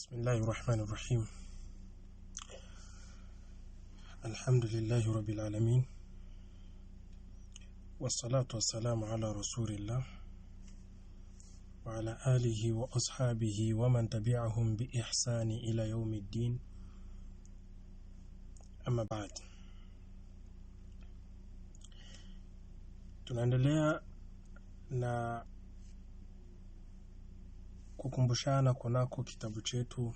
بسم الله الرحمن الرحيم الحمد لله رب العالمين والصلاة والسلام على رسول الله وعلى آله وأصحابه ومن تبعهم بإحسان إلى يوم الدين أما بعد tunaendelea na kukumbushana kunako kitabu chetu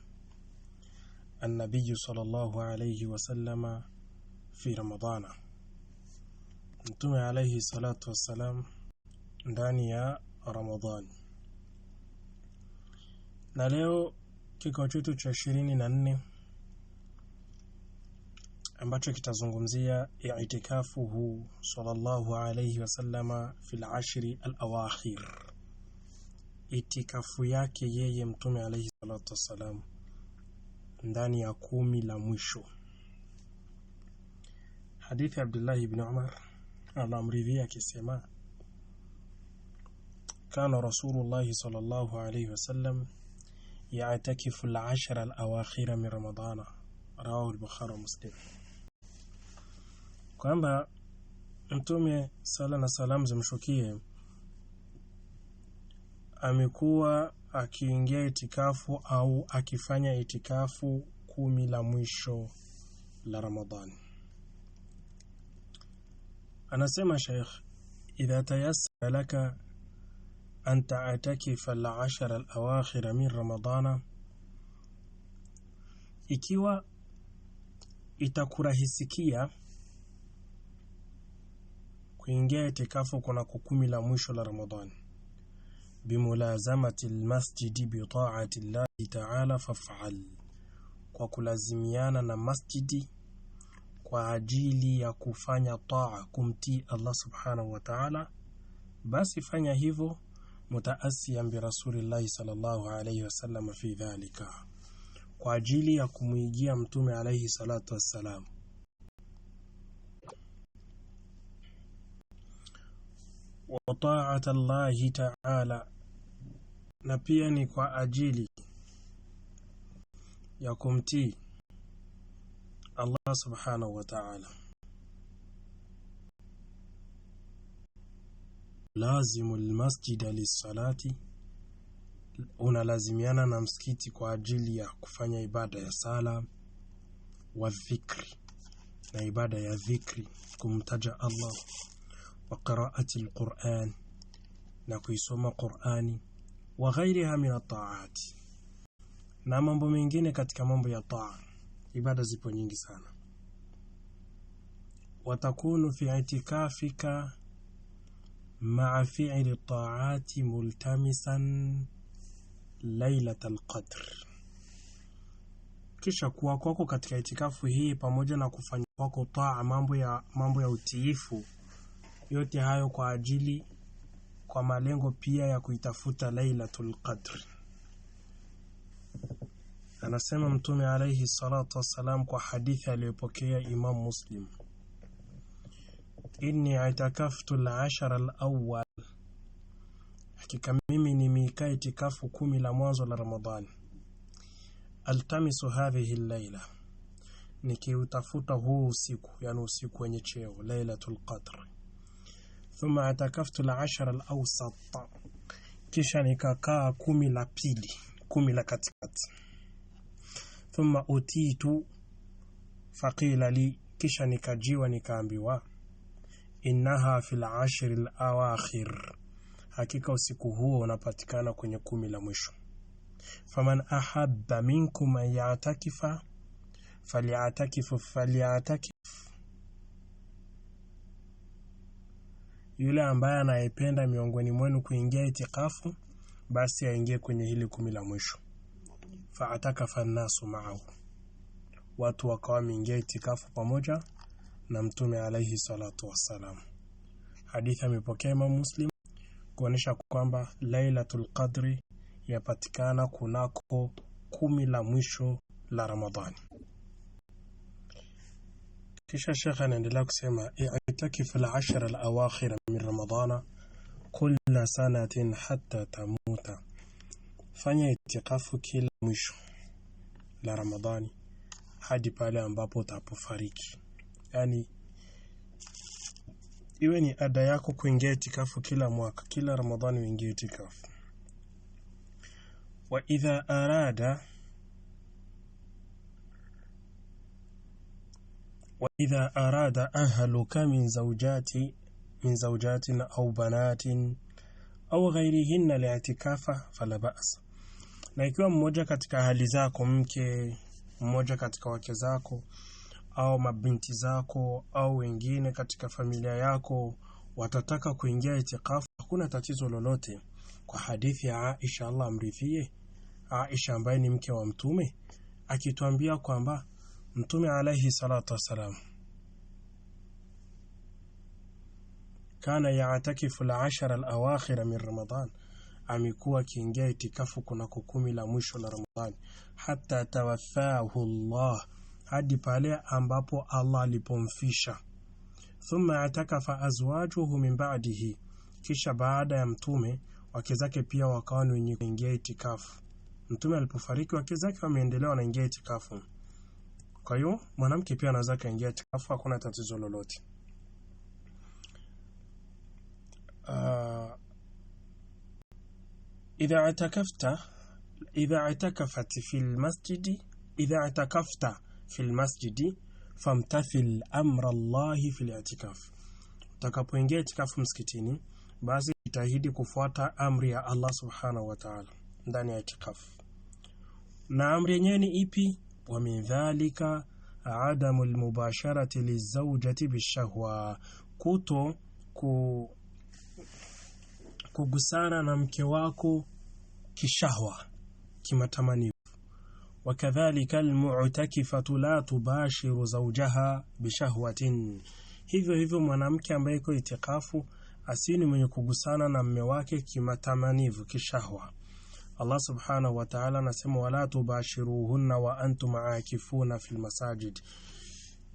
annabiyu sallallahu alayhi wasallama fi ramadana mtume alayhi salatu wassalam ndani ya ramadani na leo kikao chetu cha 24 ambacho kitazungumzia itikafuhu sallallahu alayhi wasallama fi lashri alawakhir itikafu yake yeye Mtume alaihi salatu wassalam ndani ya kumi la mwisho. Hadithi Abdullah ibn Umar anamridhia akisema, kana Rasulullahi sallallahu alaihi wasallam yatakifu al-ashra al-awakhira min Ramadana, rawahu al-Bukhari wa Muslim, kwamba Mtume sala na salam zimshukie amekuwa akiingia itikafu au akifanya itikafu kumi la mwisho la Ramadhani. Anasema Sheikh, idha tayassara laka an ta'takifa al-ashara al-awakhir min Ramadhana, ikiwa itakurahisikia kuingia itikafu kuna kumi la mwisho la Ramadhani بملازمة lmasjidi bitaati llahi taala فافعل kwa kulazimiana na masjidi kwa ajili ya kufanya taa kumtii Allah subhanahu wa ta'ala basi fanya hivyo mutaasian birasulillahi sallallahu alayhi wasallam fi dhalika kwa ajili ya kumwigia mtume alayhi salatu wassalam wa ta'ata Allah ta'ala na pia ni kwa ajili ya kumtii Allah subhanahu wa ta'ala lazimu lmasjida lissalati unalazimiana na msikiti kwa ajili ya kufanya ibada ya sala wa dhikri na ibada ya dhikri kumtaja Allah wa qiraati alquran na kuisoma Qur'ani wa ghairiha min at na mambo mengine katika mambo ya taa. Ibada zipo nyingi sana. Watakunu fi itikafika maa fiili taati multamisan lailat alqadr, kisha kuwa kwako katika itikafu hii pamoja na kufanya kwako taa, mambo ya, mambo ya utiifu, yote hayo kwa ajili kwa malengo pia ya kuitafuta Lailatul Qadr. Anasema Mtume alaihi salatu wassalam kwa hadithi aliyopokea Imam Muslim, inni itakaftu lashara lawal hakika mimi ni miika itikafu kumi la mwanzo la Ramadhani. Altamisu hadhihi llaila, nikiutafuta huu usiku, yani usiku wenye cheo, Lailatul Qadr thumma atakaftu la ashara kisha nikakaa kumi la pili, kumi la katikati. Thumma utitu faqila li, kisha nikajiwa nikaambiwa, innaha fi ashri al hakika usiku huo unapatikana kwenye kumi la mwisho. Faman ahabba minkum an yatakifa falyatakifu falyatakif Yule ambaye anayependa miongoni mwenu kuingia itikafu, basi aingie kwenye hili kumi la mwisho. Faatakafa nnasu maahu, watu wakawa wameingia itikafu pamoja na Mtume alaihi salatu wassalam. Hadithi amepokea Imamu Muslim kuonyesha kwamba lailatu lqadri yapatikana kunako kumi la mwisho la Ramadhani. Kisha shekhe anaendelea kusema i'takif al lawakhira min ramadana kula sanatin hata tamuta, fanya itikafu kila mwisho la Ramadhani hadi pale ambapo utapofariki. Yani iwe ni ada yako kuingia itikafu kila mwaka, kila Ramadhani uingie itikafu. Wa idha arada وإذا أراد أهلك من زوجات من زوجات أو بنات au ghairihinna li'tikafa fala ba's. Na ikiwa mmoja katika hali zako, mke mmoja katika wake zako au mabinti zako au wengine katika familia yako watataka kuingia itikafu, hakuna tatizo lolote. Kwa hadithi ya Aisha, Allah amridhie, Aisha ambaye ni mke wa Mtume akituambia kwamba Mtume alayhi salatu wassalam kana yaatakifu al-ashara min Ramadan, amekuwa akiingia itikafu kunako kumi la mwisho la Ramadhani, hata tawaffahu Allah, hadi pale ambapo Allah alipomfisha. Thumma atakafa azwajuhu min ba'dihi, kisha baada ya mtume wake zake pia wakawa ni wenye kuingia itikafu. Mtume alipofariki wake zake wameendelea wanaingia itikafu. Kwa hiyo mwanamke pia anaweza kaingia itikafu, hakuna tatizo lolote. Uh, idha itakafta idha itakafat fi lmasjidi idha itakafta fi lmasjidi famtathil amra llahi fi litikaf, utakapoingia itikafu msikitini, basi jitahidi kufuata amri ya Allah subhanahu wa ta'ala ndani ya itikafu. Na amri yenyewe ni ipi? ومن ذلك عدم المباشرة للزوجة بالشهوة kuto ku, kugusana na mke wako kishahwa kimatamanio wakadhalika almu'takifatu la tubashiru zawjaha bishahwatin hivyo hivyo mwanamke ambaye iko itikafu asini mwenye kugusana na mme wake kimatamanivu kishahwa Allah subhanahu wa ta'ala anasema wala tubashiruhunna wa antum aakifuna fil masajid,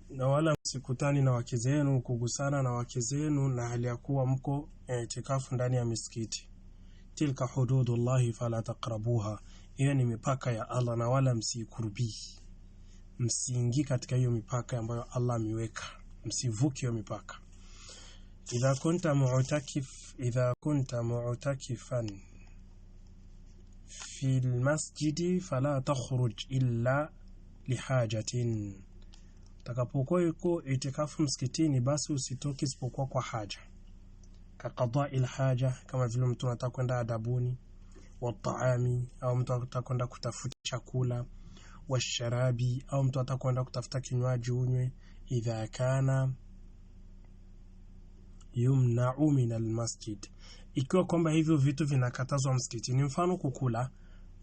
na wala msikutani na wake zenu kugusana na wake zenu na hali ya kuwa mko eh, itikafu ndani ya misikiti. Tilka hududullahi fala taqrabuha, hiyo ni mipaka ya Allah na wala msikurubi, msiingi katika hiyo mipaka ambayo Allah ameweka, msivuki hiyo mipaka. Idha kunta mu'takif idha kunta mu'takifan في lmasjidi fala takhruj illa lihajatin, utakapokuwa yuko itikafu msikitini, basi usitoke isipokuwa kwa haja, kaqada ilhaja, kama vile mtu anataka kwenda adabuni wa taami, au mtu anataka kwenda kutafuta chakula washarabi au mtu atakwenda kutafuta kinywaji unywe. Idha kana yumnau min almasjid, ikiwa kwamba hivyo vitu vinakatazwa msikitini, mfano kukula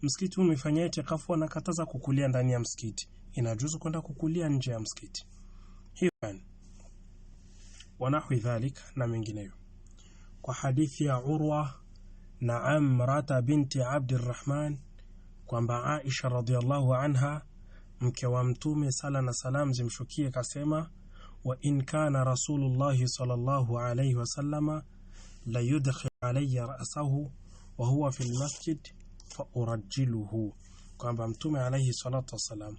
msikiti umefanyia itikafu, anakataza kukulia ndani ya msikiti, inajuzu kwenda kukulia nje ya msikiti wanahwi dhalik na mengineyo, kwa hadithi ya Urwa na Amrata binti Abdirrahman kwamba Aisha radhiallahu anha mke wa Mtume sala na salam zimshukie, kasema wa in kana rasulullahi sallallahu alayhi wasallama layudkhil yudkhil alayya ra'sahu wa huwa fil masjid fa urajiluhu, kwamba Mtume alaihi salatu wassalam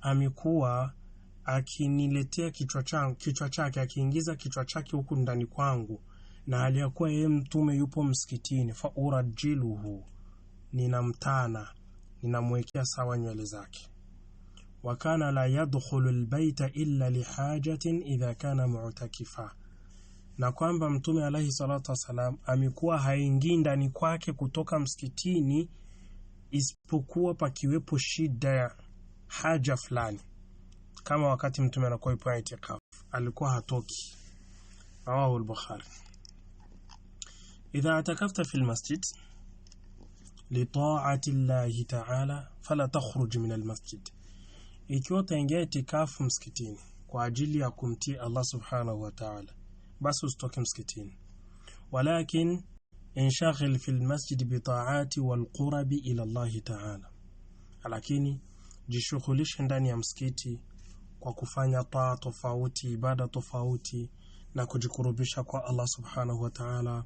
amekuwa akiniletea kichwa changu, kichwa chake akiingiza kichwa chake huku ndani kwangu, na aliyakuwa yeye Mtume yupo msikitini. Fa urajiluhu, ninamtana, ninamwekea sawa nywele zake. Wa kana la yadkhulu lbaita illa lihajatin idha kana mutakifa na kwamba Mtume alaihi salatu wassalam amekuwa haingii ndani kwake kutoka msikitini isipokuwa pakiwepo shida ya haja fulani, kama wakati mtume anakuwa yupo itikafu alikuwa hatoki. Rawahu al-Bukhari. Idha atakafta fi al-masjid litaati llahi taala fala takhruj min almasjid, ikiwa utaingia itikafu msikitini kwa ajili ya kumtii Allah subhanahu wa taala, basi usitoke msikitini walakin inshaghil fi lmasjidi bitaati walqurabi ila llahi taala, lakini jishughulishe ndani ya msikiti kwa kufanya taa tofauti, ibada tofauti na kujikurubisha kwa Allah subhanahu wa taala.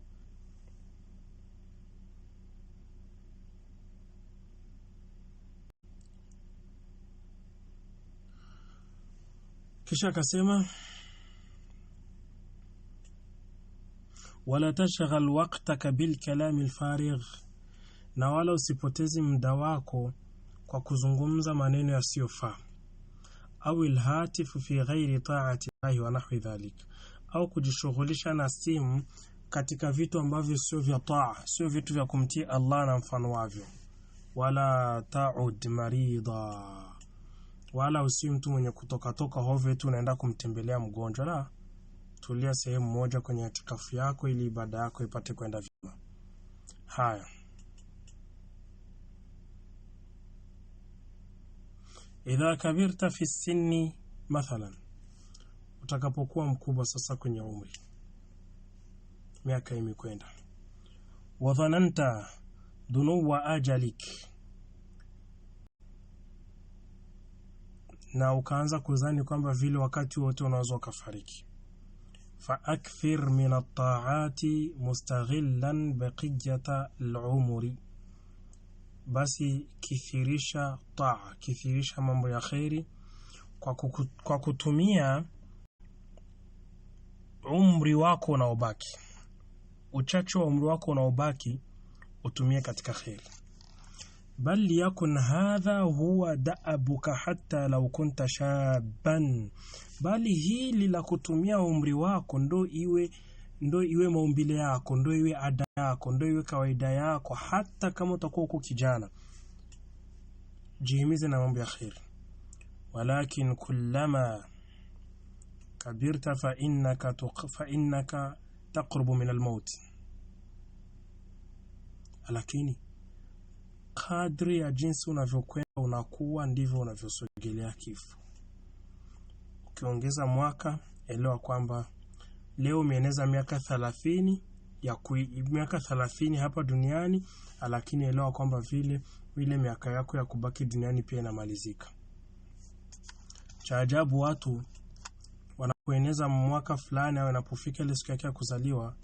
Kisha akasema wala tashghal waktaka bilkalami lfarigh, na wala usipotezi muda wako kwa kuzungumza maneno yasiyofaa, au lhatifu fi ghairi taati llahi wa nahwi dhalik, au kujishughulisha na simu katika vitu ambavyo sio vya taa, sio vitu vya kumtii Allah na mfano wavyo. Wala taud marida, wala usi mtu mwenye kutokatoka hovyo tu unaenda kumtembelea mgonjwa, la Tulia sehemu moja kwenye itikafu yako ili ibada yako ipate kwenda vyema. Haya, idha kabirta fi sinni mathalan, utakapokuwa mkubwa sasa kwenye umri, miaka imekwenda, wa dhananta dunuwa ajalik, na ukaanza kuzani kwamba vile wakati wote unaweza ukafariki faakthir min الطاعات مستغلا baqiyata العمر basi كثيرش taa, كثيرش mambo ya kheri kwa, kwa kutumia umri wako unaobaki. Uchache wa umri wako unaobaki utumie katika kheri bal يكن hadha huwa da'abuka hata lau kunta shaban, bali hili la kutumia umri wako ndo iwe ndo iwe maumbile yako, ndo iwe ada yako, ndo iwe kawaida yako, hata kama utakuwa uko kijana. Jihimize na mambo ya kheri. Walakin kullama kabirta fa innaka fa innaka taqrubu min almaut, lakini kadri ya jinsi unavyokwenda unakuwa ndivyo unavyosogelea kifo. Ukiongeza mwaka, elewa kwamba leo umeeneza miaka thelathini ya kui, miaka thelathini hapa duniani, lakini elewa kwamba vile vile miaka yako ya kubaki duniani pia inamalizika. Cha ajabu watu wanapoeneza mwaka fulani au inapofika ile siku yake ya kuzaliwa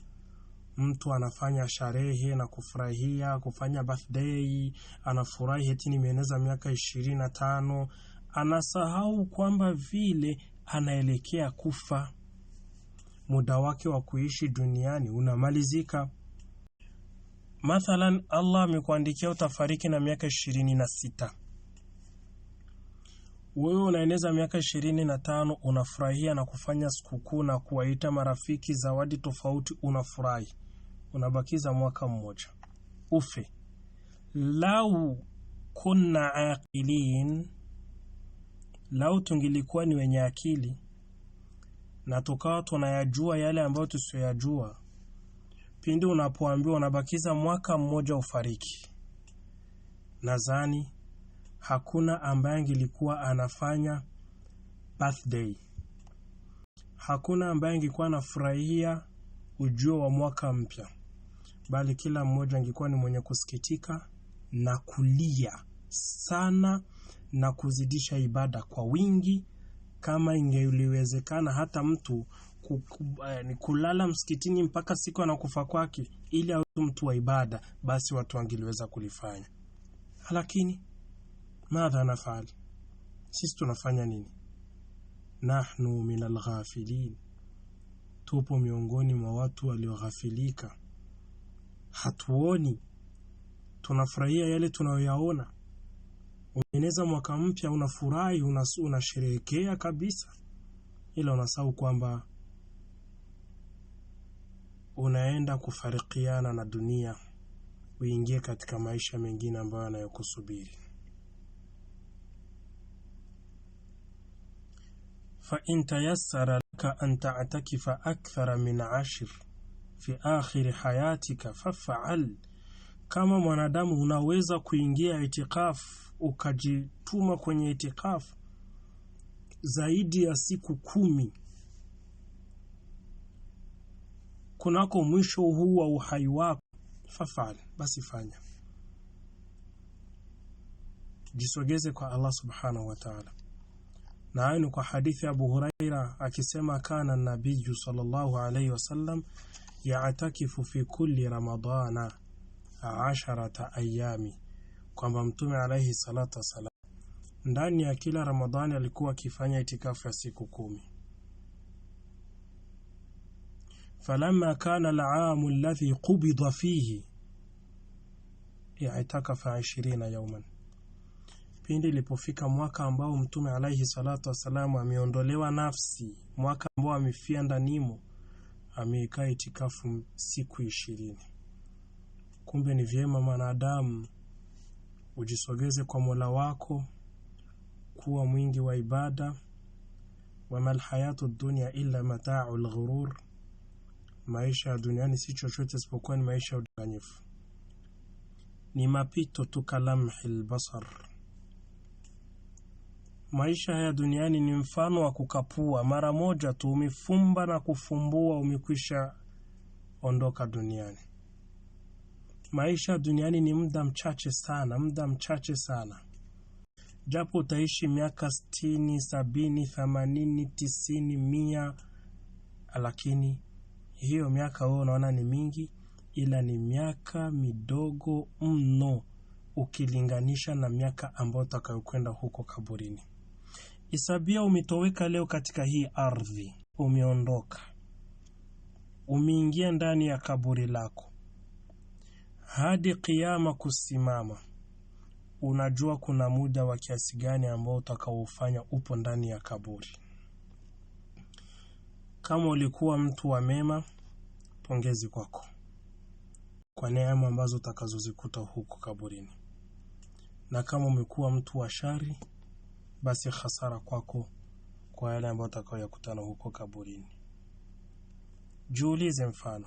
mtu anafanya sherehe na kufurahia, kufanya birthday, anafurahi eti nimeeneza miaka ishirini na tano, anasahau kwamba vile anaelekea kufa. Muda wake wa kuishi duniani unamalizika. Mathalan, Allah amekuandikia utafariki na miaka ishirini na sita. Wewe unaeneza miaka ishirini na tano, unafurahia na kufanya sikukuu na kuwaita marafiki, zawadi tofauti, unafurahi unabakiza mwaka mmoja ufe. Lau kunna aqilin, lau tungilikuwa ni wenye akili na tukawa tunayajua yale ambayo tusiyoyajua pindi unapoambiwa unabakiza mwaka mmoja ufariki, nadhani hakuna ambaye angilikuwa anafanya birthday, hakuna ambaye angekuwa anafurahia ujio wa mwaka mpya bali kila mmoja angekuwa ni mwenye kusikitika na kulia sana na kuzidisha ibada kwa wingi, kama ingeliwezekana hata mtu eh, kulala msikitini mpaka siku anakufa kwake ili awe mtu wa ibada, basi watu wangeliweza kulifanya. Lakini madha nafali, sisi tunafanya nini? Nahnu min alghafilin, tupo miongoni mwa watu walioghafilika hatuoni, tunafurahia yale tunayoyaona. Unaeneza mwaka mpya, unafurahi, unasherehekea kabisa, ila unasahau kwamba unaenda kufarikiana na dunia, uingie katika maisha mengine ambayo yanayokusubiri. fa in tayassara laka an ta'takifa akthara min ashir fi akhiri hayatika fafaal, kama mwanadamu unaweza kuingia itikafu ukajituma kwenye itikafu zaidi ya siku kumi kunako mwisho huu wa uhai wako, fafal, basi fanya, jisogeze kwa Allah subhanahu wa ta'ala. Na hayo ni kwa hadithi ya Abu Huraira akisema, kana nabiyu sallallahu alayhi wasallam yatakifu fi kulli ramadana asharata ayami, kwamba Mtume alayhi salatu wassalam ndani ya kila Ramadhani alikuwa akifanya itikafu ya siku kumi. falamma kana al-aamu alladhi qubida fihi itakafa 20 yawman, pindi ilipofika mwaka ambao Mtume alayhi salatu wassalam ameondolewa nafsi, mwaka ambao amefia ndanimo amekaa itikafu siku ishirini. Kumbe ni vyema mwanadamu ujisogeze kwa Mola wako, kuwa mwingi wa ibada. Wama lhayatu dunya illa matau lghurur, maisha ya duniani si chochote isipokuwa ni maisha ya udanganyifu, ni mapito tu, kalamhi lbasar Maisha haya duniani ni mfano wa kukapua. Mara moja tu umefumba na kufumbua, umekwisha ondoka duniani. Maisha duniani ni muda mchache sana, muda mchache sana. Japo utaishi miaka sitini, sabini, themanini, tisini, mia, lakini hiyo miaka wewe unaona ni mingi, ila ni miaka midogo mno ukilinganisha na miaka ambayo utakayokwenda huko kaburini. Isabia umetoweka leo katika hii ardhi, umeondoka, umeingia ndani ya kaburi lako, hadi kiama kusimama. Unajua kuna muda wa kiasi gani ambao utakaofanya upo ndani ya kaburi. Kama ulikuwa mtu wa mema, pongezi kwako kwa neema ambazo utakazozikuta huko kaburini, na kama umekuwa mtu wa shari basi hasara kwako kwa yale ambayo utakayoyakutana huko kaburini. Jiulize mfano.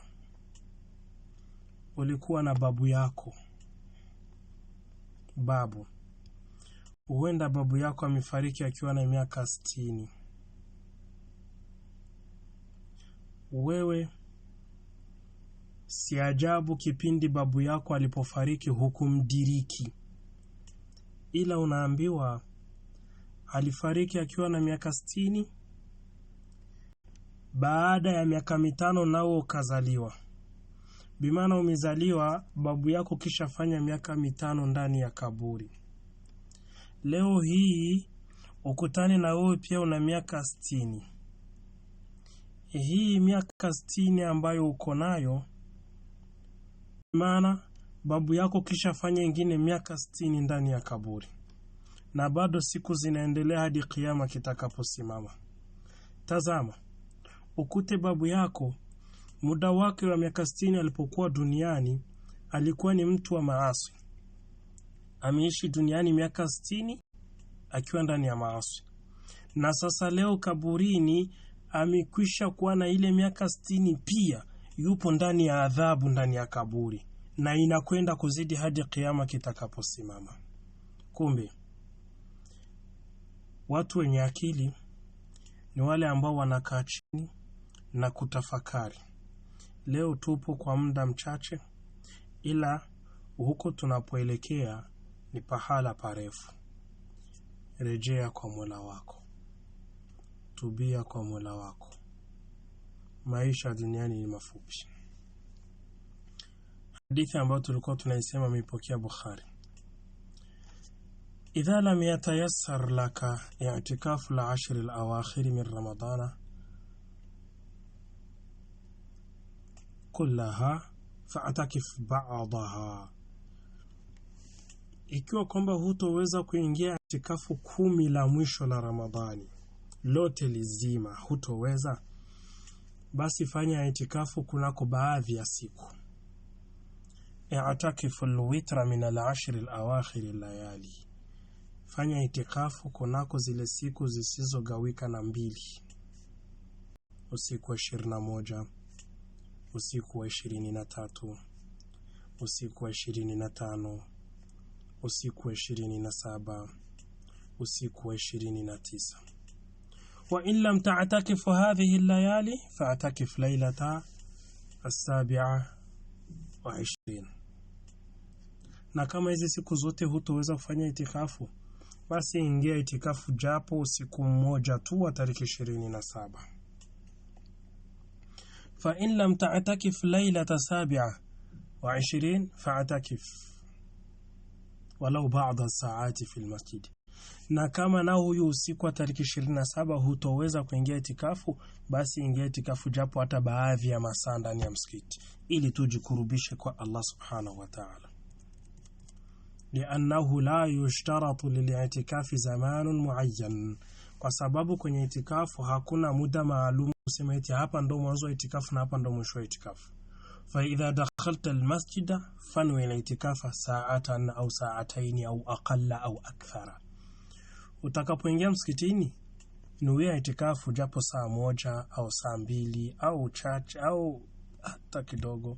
Ulikuwa na babu yako. Babu. Huenda babu yako amefariki akiwa na miaka sitini. Wewe si ajabu kipindi babu yako alipofariki hukumdiriki. Ila unaambiwa Alifariki akiwa na miaka sitini baada ya miaka mitano nawe ukazaliwa. Bimana umezaliwa babu yako kishafanya miaka mitano ndani ya kaburi. Leo hii ukutani na wewe pia una miaka sitini. Hii miaka sitini ambayo uko nayo, maana babu yako kishafanya ingine miaka sitini ndani ya kaburi na bado siku zinaendelea hadi kiama kitakaposimama. Tazama, ukute babu yako muda wake wa miaka sitini alipokuwa duniani alikuwa ni mtu wa maaswi Ameishi duniani miaka sitini akiwa ndani ya maaswi na sasa leo kaburini amekwisha kuwa na ile miaka sitini pia yupo ndani ya adhabu ndani ya kaburi, na inakwenda kuzidi hadi kiama kitakaposimama. Kumbe Watu wenye akili ni wale ambao wanakaa chini na kutafakari. Leo tupo kwa muda mchache, ila huko tunapoelekea ni pahala parefu. Rejea kwa Mola wako, tubia kwa Mola wako. Maisha duniani ni mafupi. Hadithi ambayo tulikuwa tunaisema ameipokea Bukhari idha lam yatayassar laka i'tikafu al-ashr min ramadana kullaha faatakif ba'daha ikiwa kwamba hutoweza kuingia itikafu kumi la mwisho la Ramadhani lote lizima hutoweza, basi fanya itikafu kunako baadhi ya siku. i'takifu lwitra min alashri alawakhir layali, Fanya itikafu kunako zile siku zisizogawika na mbili: usiku wa 21, usiku wa 23, usiku wa 25, usiku wa 27, usiku wa 29. Wa in lam tatakifu hadhihi al-layali fa'takif laylata as-sabi'a wa 20. Na kama hizi siku zote hutoweza kufanya itikafu basi ingia itikafu japo siku mmoja tu wa tariki 27. Fa in lam ta'takif lailata sabi'a wa ishirin fa'takif walau ba'da saati fil masjid, na kama na huyu usiku wa tariki 27 hutoweza kuingia itikafu, basi ingia itikafu japo hata baadhi ya masaa ndani ya msikiti, ili tujikurubishe kwa Allah subhanahu wa ta'ala liannahu la yushtaratu lili'tikafi zamanun muayyan, kwa sababu kwenye itikafu hakuna muda maalum kusema eti hapa ndo mwanzo wa itikafu na hapa ndo mwisho wa itikafu. Fa idha dakhalta almasjida fanwi litikafa sa'atan au sa'ataini au aqalla au akthara, utakapoingia msikitini nuia itikafu japo saa moja au saa mbili au chache au hata kidogo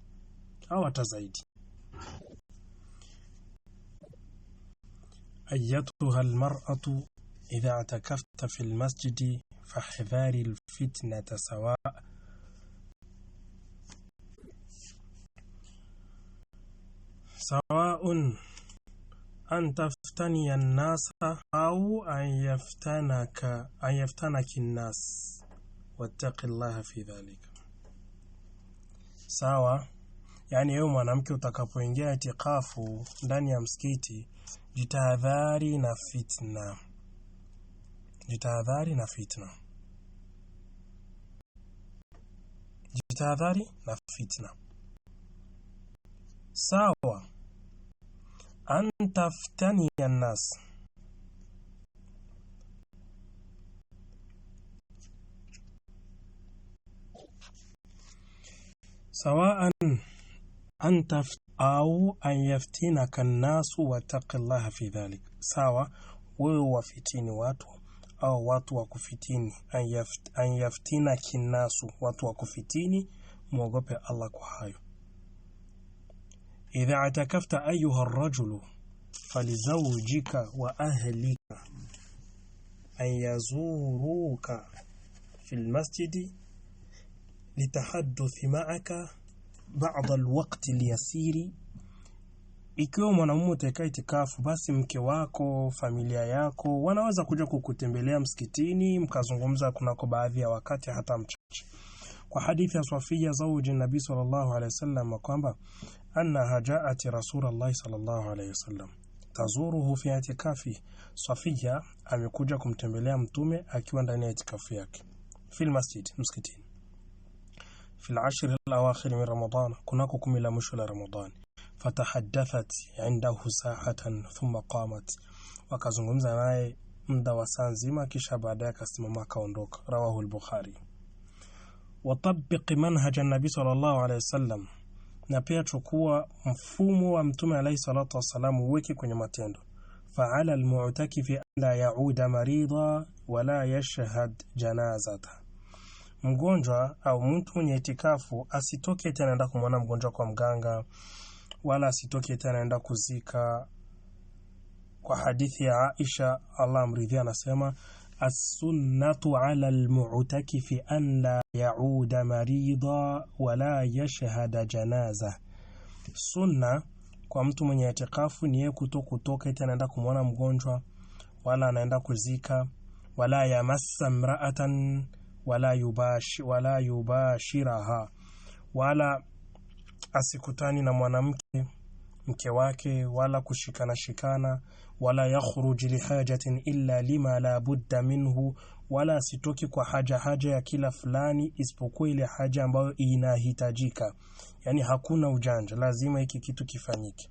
au hata zaidi. أيتها المرأة إذا اعتكفت في المسجد فاحذري الفتنة سواء سواء أن تفتني الناس أو أن يفتنك أن يفتنك الناس واتق الله في ذلك سواء يعني يوم أنا utakapoingia itikafu ndani ya msikiti Jitahadhari na fitna. Jitahadhari na fitna. Jitahadhari na fitna. Sawa. Antaftani ya nas. Sawa'an an au an yaftinaka nnasu wattaqillaha fi dhalik, sawa wewe wafitini watu au watu wa kufitini. An, yaft, an watu wa kufitini, mwogope Allah kwa hayo. Idha atakafta ayuha rajulu falizawjika wa ahlika an yazuruka fi lmasjidi litahadduthi maaka baadha alwakti liyasiri, ikiwa mwanamume utakaa itikafu, basi mke wako, familia yako wanaweza kuja kukutembelea msikitini, mkazungumza kunako baadhi ya wakati hata mchache. Kwa hadithi ya Safia zauji Nabii sallallahu alaihi wasallam kwamba annaha jaat rasulullah sallallahu alaihi wasallam tazuruhu fi itikafi, Swafia amekuja kumtembelea Mtume akiwa ndani ya itikafu yake fil masjid, msikitini fi al-ashr al-awakhir min Ramadan, kunako kumi la mwisho la Ramadhani. Fatahaddathat indahu sa'atan thumma qamat, wakazungumza naye muda wa saa nzima, kisha baadaye akasimama akaondoka. Rawahu al-Bukhari. Watabiqi manhaja nabii sallallahu alayhi wasallam, na pia chukua mfumo wa mtume alayhi salatu wasalam, uweke kwenye matendo فعلى المعتكف أن لا يعود مريضا ولا يشهد جنازته mgonjwa au mtu mwenye itikafu asitoke tena enda kumwona mgonjwa kwa mganga, wala asitoke tena enda kuzika. Kwa hadithi ya Aisha, Allah amridhia, anasema assunnatu ala almutakifi an la yauda marida wala yashhada janaza, sunna kwa mtu mwenye itikafu ni yeye kuto kutoka tena enda kumwona mgonjwa wala anaenda kuzika, wala yamassa mraatan wala, yubash, wala yubashiraha, wala asikutani na mwanamke mke wake, wala kushikana shikana, wala yakhruj lihajatin illa lima la budda minhu, wala asitoki kwa haja haja ya kila fulani isipokuwa ile haja ambayo inahitajika. Yani hakuna ujanja, lazima hiki kitu kifanyike.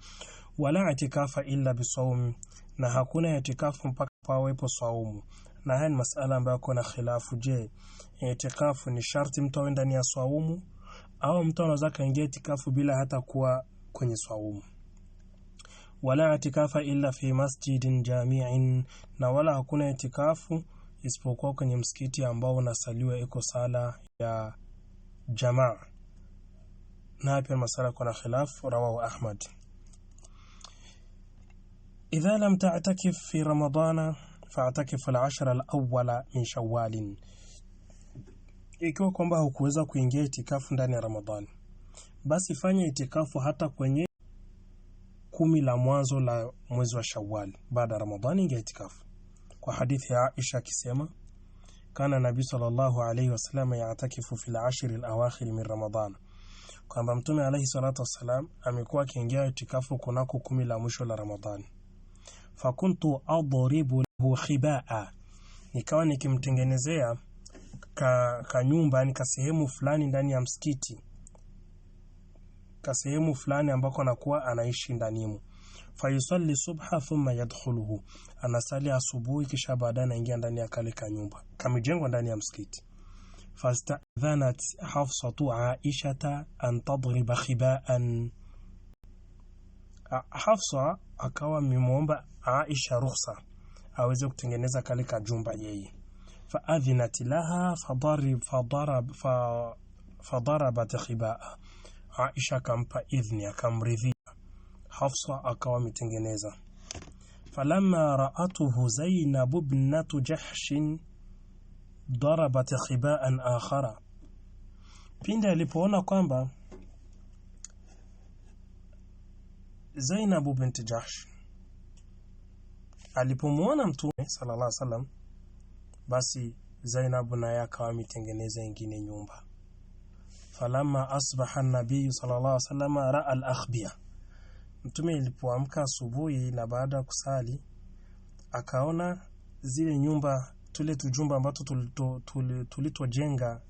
Wala itikafa illa bisaumi, na hakuna itikafu mpaka pawepo saumu na haya ni masala ambayo kuna khilafu. Je, itikafu ni sharti mtu awe ndani ya swaumu au mtu anaweza kaingia itikafu bila hata kuwa kwenye swaumu? Wala itikafa illa fi masjidin jami'in, na wala hakuna itikafu isipokuwa kwenye msikiti ambao unasaliwa iko sala ya jamaa. Na hapa pia masala kuna khilafu, rawahu Ahmad. Idha lam ta'takif fi Ramadana fatakifu al-ashra min Shawwal, ikiwa kwamba hukuweza kuingia itikafu ndani ya Ramadhani, basi fanya itikafu hata kwenye kumi la mwanzo la mwezi wa Shawal. Baada ya Ramadhani ingia itikafu, kwa hadithi ya Aisha akisema kana nabi sallallahu alayhi wasallam yaatakifu fil ashri al-awakhir min Ramadhan, kwamba mtume alayhi salatu wasalam amekuwa akiingia itikafu kunako kumi la mwisho la Ramadhani fakuntu adribu lahu khibaa, nikawa nikimtengenezea ka, ka nyumba ni ka sehemu fulani ndani ya msikiti ka fulani ambako anakuwa anaishi ndanimo fayusalli subha thumma yadkhuluhu, anasali asubuhi kisha baadaye anaingia ndani ya kale ka nyumba ndani ya msikiti. Fastadhanat Hafsatu Aishata an tadriba khibaan Hafsa akawa amemwomba Aisha ruhusa aweze kutengeneza kale kajumba yeye. Faadhinat laha fadarabat khibaa, Aisha akampa idhni, akamridhia. Hafsa akawa ametengeneza. Falamma raatuhu zainabu ibnatu Jahshin darabat khibaan akhara, pindi alipoona kwamba Zainabu binti Jahsh alipomwona Mtume sallallahu alaihi wasallam, basi Zainabu naye akawa mitengeneza ingine nyumba. Falamma asbaha an nabiyu sallallahu alaihi wasallam raa al-akhbiya, Mtume alipoamka asubuhi na baada ya kusali akaona zile nyumba, tule tujumba ambazo tulitojenga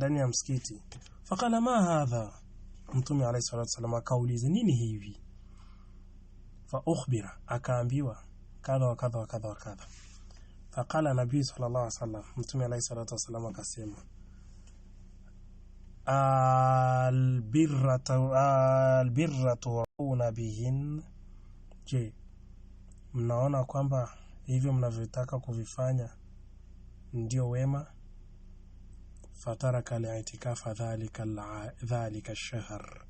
ndani ya msikiti. Faqala ma hadha, Mtume alayhi salatu wasallam akauliza nini hivi fa ukhbira akaambiwa kadha wa kadha wa kadha wa kadha faqala nabii sallallahu alaihi wasallam mtume alayhi salatu wasallam akasema albirratu albirratu bihin je mnaona kwamba hivyo mnavyotaka kuvifanya ndio wema fataraka liitikafa dhalika dhalika shahr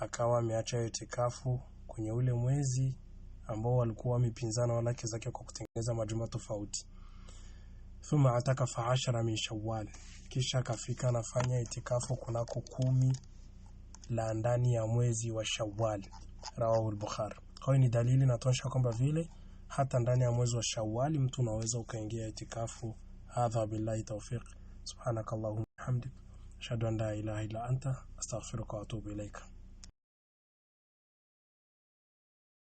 akawa ameacha itikafu kwenye ule mwezi ambao walikuwa wamepinzana wala zake kwa kutengeneza majuma tofauti. Thumma atakafa ashara min Shawwal, kisha kafika nafanya itikafu kunako kumi la ndani ya mwezi wa Shawwal. Rawahu al-Bukhari. Kwa ni dalili natosha kwamba vile hata ndani ya mwezi wa Shawwal mtu unaweza ukaingia itikafu. Hadha billahi tawfiq. Subhanakallahumma hamdik, ashhadu an la ilaha illa anta, astaghfiruka wa atubu ilaika.